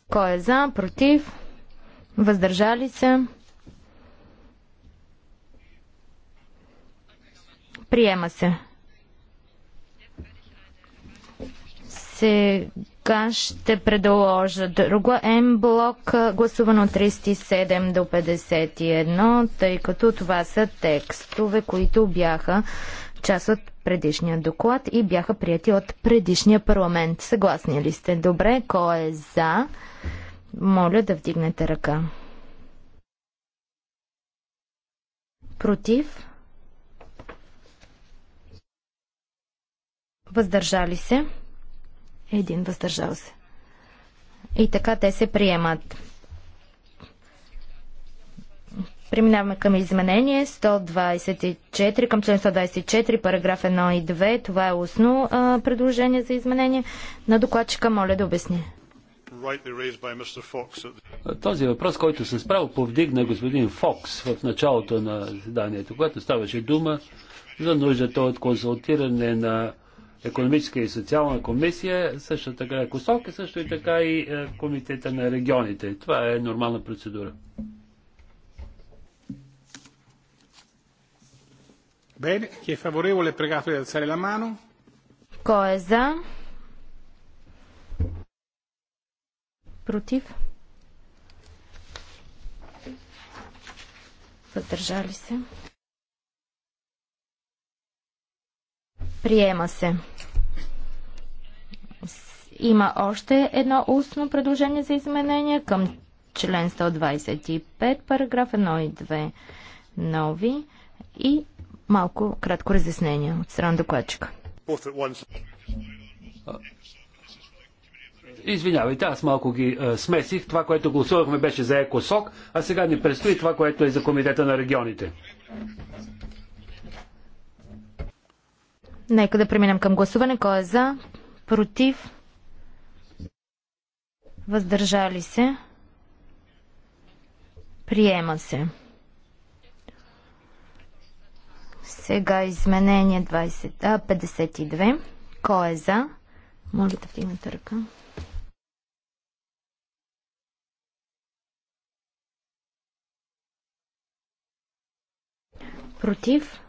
Speaker 5: Кой е за, против, въздържали се? Приема се. Сега така ще предложа друга М блок, гласувано 37 до 51, тъй като това са текстове, които бяха част от предишния доклад и бяха прияти от предишния парламент. Съгласни ли сте? Добре, кой е за? Моля да вдигнете ръка. Против? Въздържали се? един въздържал се. И така те се приемат. Преминаваме към изменение 124, към член 124, параграф 1 и 2. Това е устно а, предложение за изменение. На докладчика моля да обясни.
Speaker 2: Този въпрос, който съм справил, повдигна господин Фокс в началото на заданието, когато ставаше дума за нуждата от консултиране на економическа и социална комисия, също така е Косок, също и така и е, комитета на регионите. Това е нормална процедура.
Speaker 4: Bene, chi è favorevole è pregato di alzare la mano.
Speaker 5: Кой е за? Против? Въздържали се? Приема се. Има още едно устно предложение за изменение към член 125, параграф 1 и 2 нови и малко кратко разяснение от страна докладчика.
Speaker 2: Извинявайте, аз малко ги а, смесих. Това, което гласувахме, беше за ЕКОСОК, а сега ни предстои това, което е за Комитета на регионите.
Speaker 5: Нека да преминем към гласуване. Кой е за? Против? въздържали се, приема се. Сега изменение 20, а, 52. Кой е за? Моля да вдигнете ръка. Против?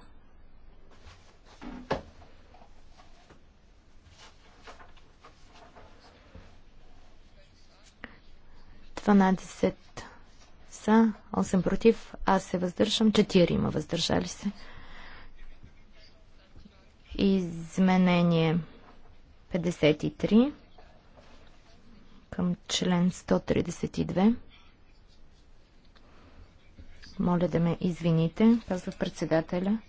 Speaker 5: 12 са, 8 против, аз се въздържам, 4 има въздържали се. Изменение 53 към член 132. Моля да ме извините, казва председателя.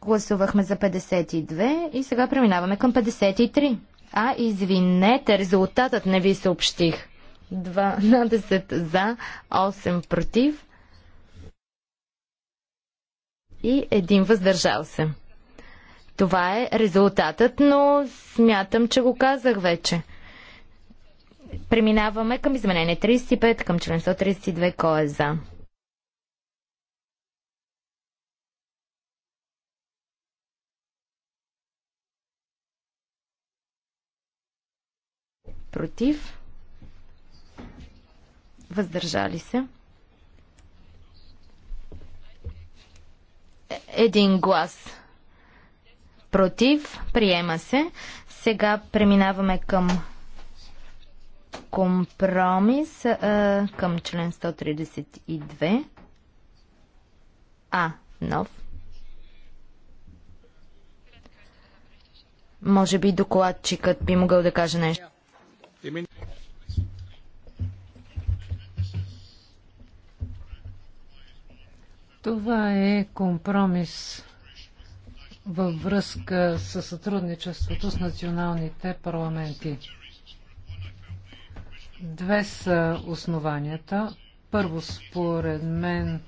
Speaker 5: Гласувахме за 52 и сега преминаваме към 53. А, извинете, резултатът не ви съобщих. 12 за, 8 против и един въздържал се. Това е резултатът, но смятам, че го казах вече. Преминаваме към изменение 35, към член 132, кой е за? Против? въздържали се. Един глас против, приема се. Сега преминаваме към компромис към член 132. А, нов. Може би докладчикът би могъл да каже нещо.
Speaker 3: Това е компромис във връзка с сътрудничеството с националните парламенти. Две са основанията. Първо, според мен,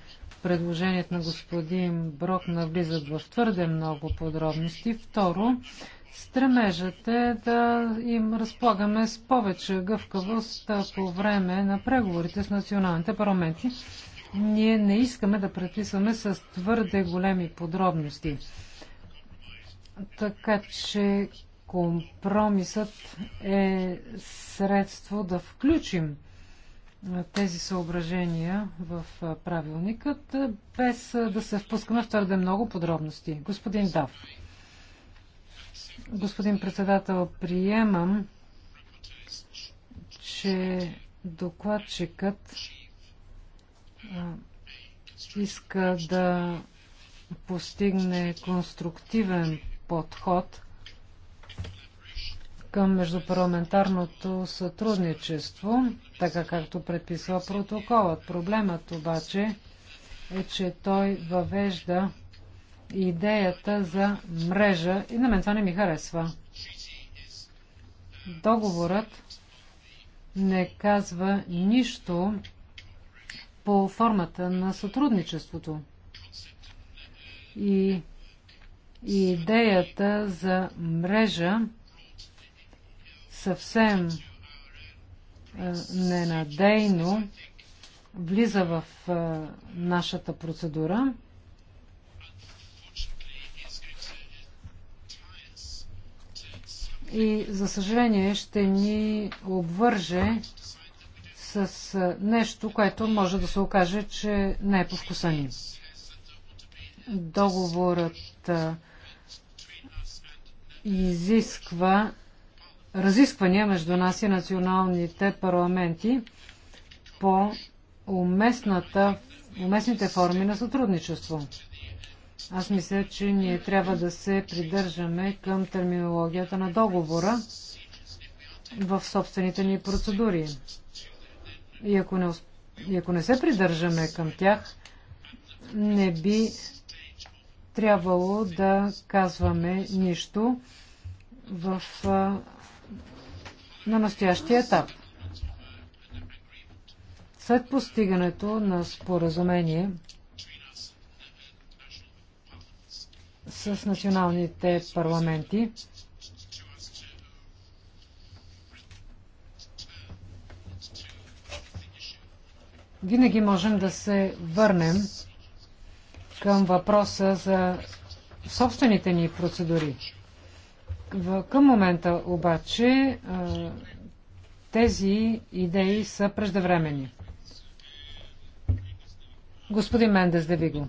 Speaker 3: предложението на господин Брок навлизат в твърде много подробности. Второ, стремежът е да им разполагаме с повече гъвкавост по време на преговорите с националните парламенти. Ние не искаме да предписваме с твърде големи подробности. Така че компромисът е средство да включим тези съображения в правилникът, без да се впускаме в твърде много подробности. Господин Дав. Господин председател, приемам, че докладчикът иска да постигне конструктивен подход към междупарламентарното сътрудничество, така както предписва протоколът. Проблемът обаче е, че той въвежда идеята за мрежа и на мен това не ми харесва. Договорът не казва нищо по формата на сътрудничеството. И, и идеята за мрежа съвсем е, ненадейно влиза в е, нашата процедура. И, за съжаление, ще ни обвърже с нещо, което може да се окаже, че не е по вкуса ни. Договорът изисква разисквания между нас и националните парламенти по уместните форми на сътрудничество. Аз мисля, че ние трябва да се придържаме към терминологията на договора в собствените ни процедури. И ако не, и ако не се придържаме към тях, не би трябвало да казваме нищо в, на настоящия етап. След постигането на споразумение с националните парламенти, винаги можем да се върнем към въпроса за собствените ни процедури. Към момента обаче тези идеи са преждевременни. Господин Мендес да го.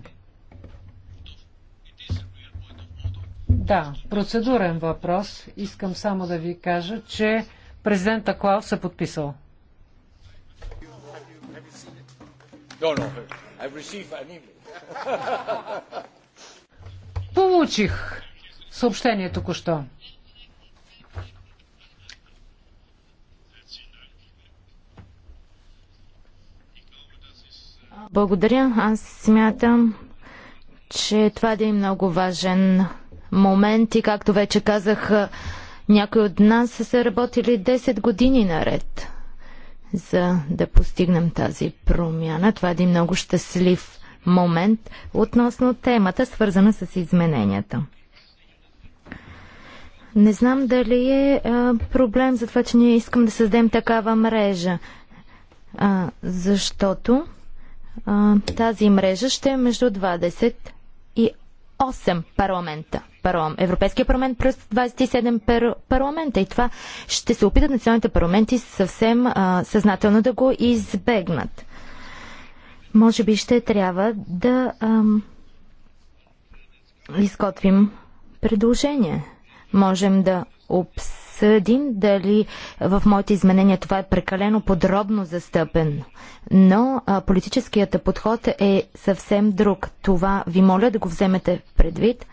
Speaker 3: Да, процедурен въпрос. Искам само да ви кажа, че президента Клаус е подписал.
Speaker 4: No, no. received an email.
Speaker 3: Получих съобщение току-що.
Speaker 5: Благодаря. Аз смятам, че това е да е много важен момент и както вече казах, някои от нас са работили 10 години наред за да постигнем тази промяна. Това е един много щастлив момент относно темата, свързана с измененията. Не знам дали е а, проблем за това, че ние искам да създадем такава мрежа, а, защото а, тази мрежа ще е между 20 и 8 парламента. Парлам... Европейския парламент плюс 27 пар... парламента. И това ще се опитат националните парламенти съвсем а, съзнателно да го избегнат. Може би ще трябва да ам, изготвим предложение. Можем да обсъдим съдим дали в моите изменения това е прекалено подробно застъпено. Но а, политическият подход е съвсем друг. Това ви моля да го вземете предвид.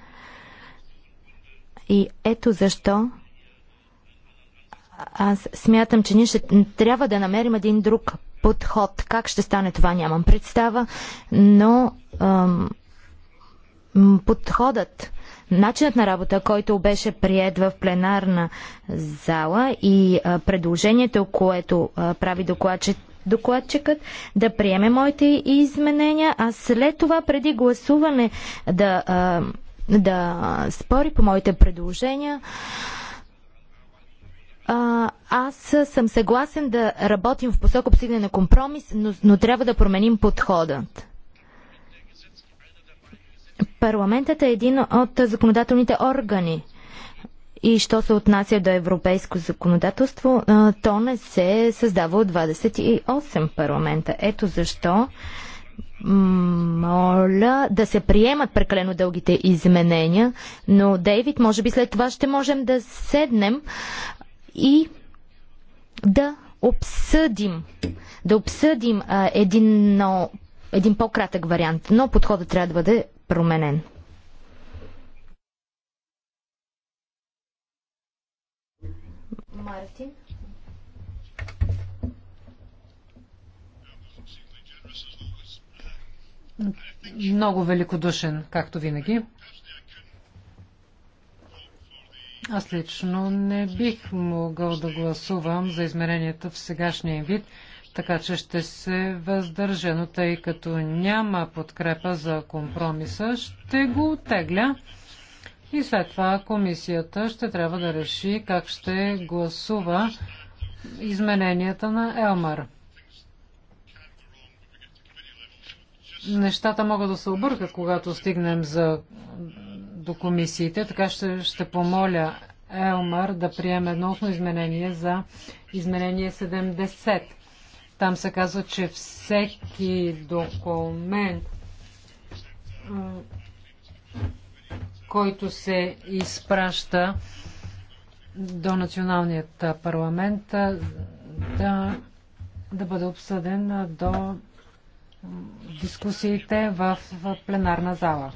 Speaker 5: И ето защо аз смятам, че ние ще трябва да намерим един друг подход. Как ще стане това, нямам представа, но ам, подходът начинът на работа, който беше прият в пленарна зала и предложението, което прави докладчик, докладчикът да приеме моите изменения, а след това преди гласуване да, да спори по моите предложения. Аз съм съгласен да работим в посока постигане на компромис, но, но трябва да променим подходът. Парламентът е един от законодателните органи. И що се отнася до европейско законодателство, то не се създава от 28 парламента. Ето защо моля да се приемат прекалено дългите изменения, но Дейвид, може би след това ще можем да седнем и да обсъдим, да обсъдим а, един, но, един по-кратък вариант, но подходът трябва да бъде променен.
Speaker 1: Мартин.
Speaker 3: Много великодушен, както винаги. Аз лично не бих могъл да гласувам за измеренията в сегашния вид, така че ще се въздържа, но тъй като няма подкрепа за компромиса, ще го оттегля. И след това комисията ще трябва да реши как ще гласува измененията на Елмар. Нещата могат да се объркат, когато стигнем за, до комисиите, така ще, ще помоля Елмар да приеме едно изменение за изменение 70 там се казва, че всеки документ, който се изпраща до националният парламент, да, да бъде обсъден до дискусиите в, пленарна зала.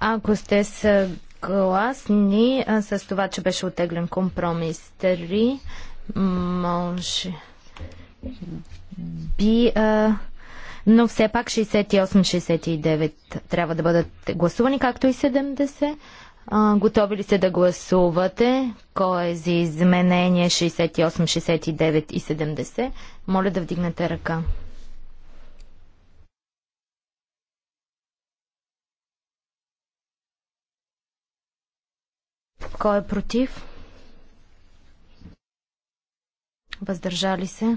Speaker 3: Ако сте съгласни
Speaker 5: с това, че беше отеглен компромис 3, може би, а, но все пак 68-69 трябва да бъдат гласувани, както и 70. А, готови ли сте да гласувате? Кой е за изменение 68, 69 и 70? Моля да вдигнете ръка. Кой е против? въздържали се.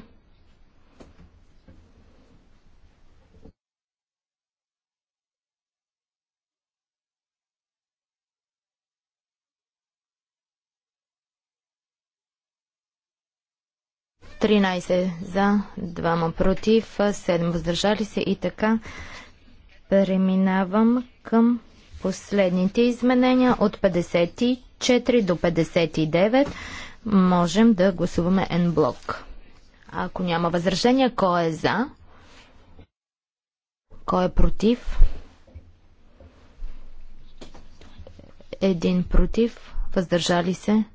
Speaker 5: Тринайсет за, двама против, 7 въздържали се и така преминавам към последните изменения от 54 до 59 можем да гласуваме N-блок. Ако няма възражения, кой е за? Кой е против? Един против. Въздържали се?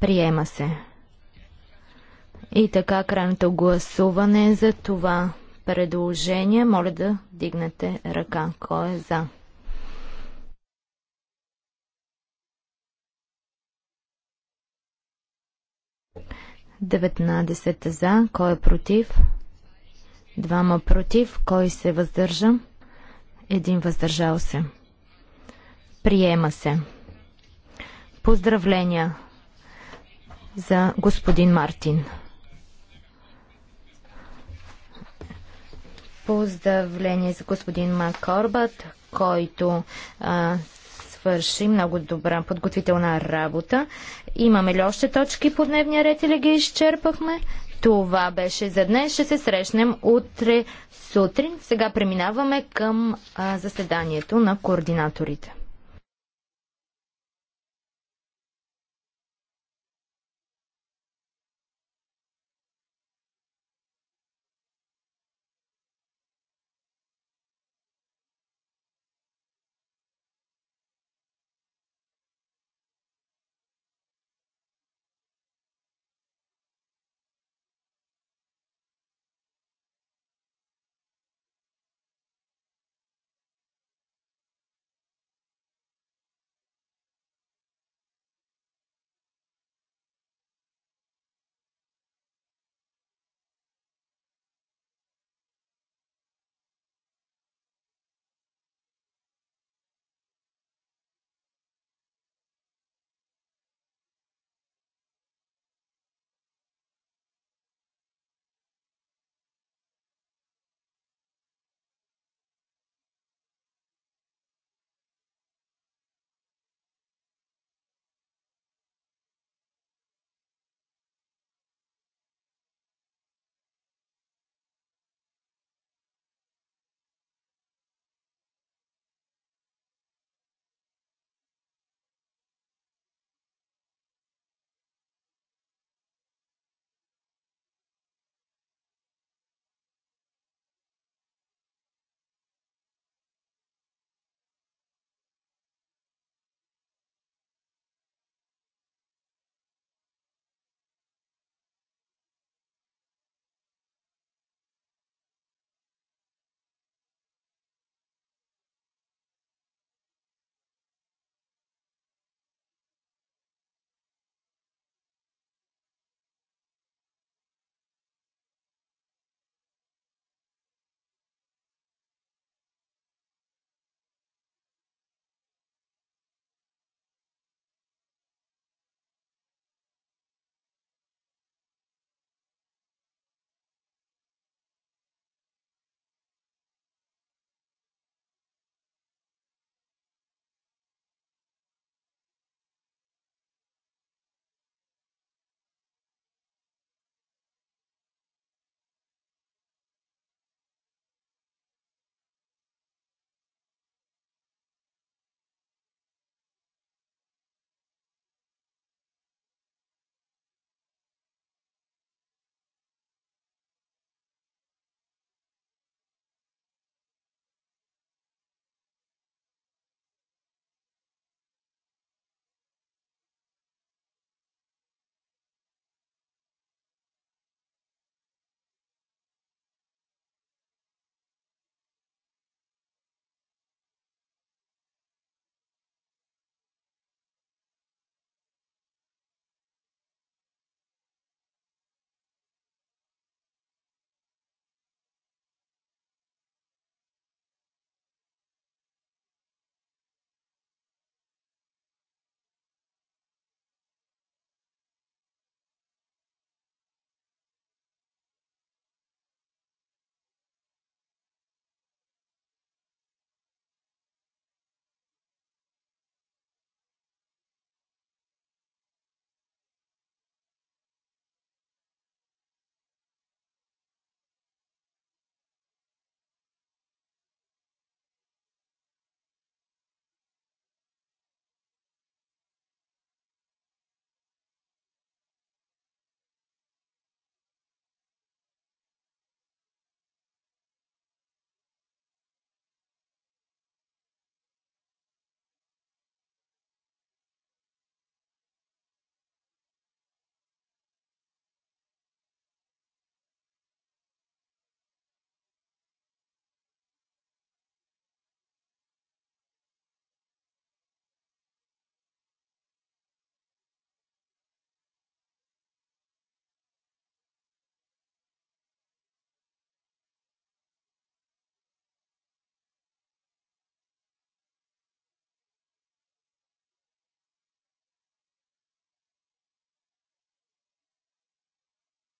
Speaker 5: Приема се. И така крайното гласуване за това предложение. Моля да дигнете ръка. Кой е за? 19 за. Кой е против? Двама против. Кой се въздържа? Един въздържал се. Приема се. Поздравления за господин Мартин. Поздравление за господин Макорбат, който а, свърши много добра подготвителна работа. Имаме ли още точки по дневния ред или ги изчерпахме? Това беше за днес. Ще се срещнем утре сутрин. Сега преминаваме към а, заседанието на координаторите.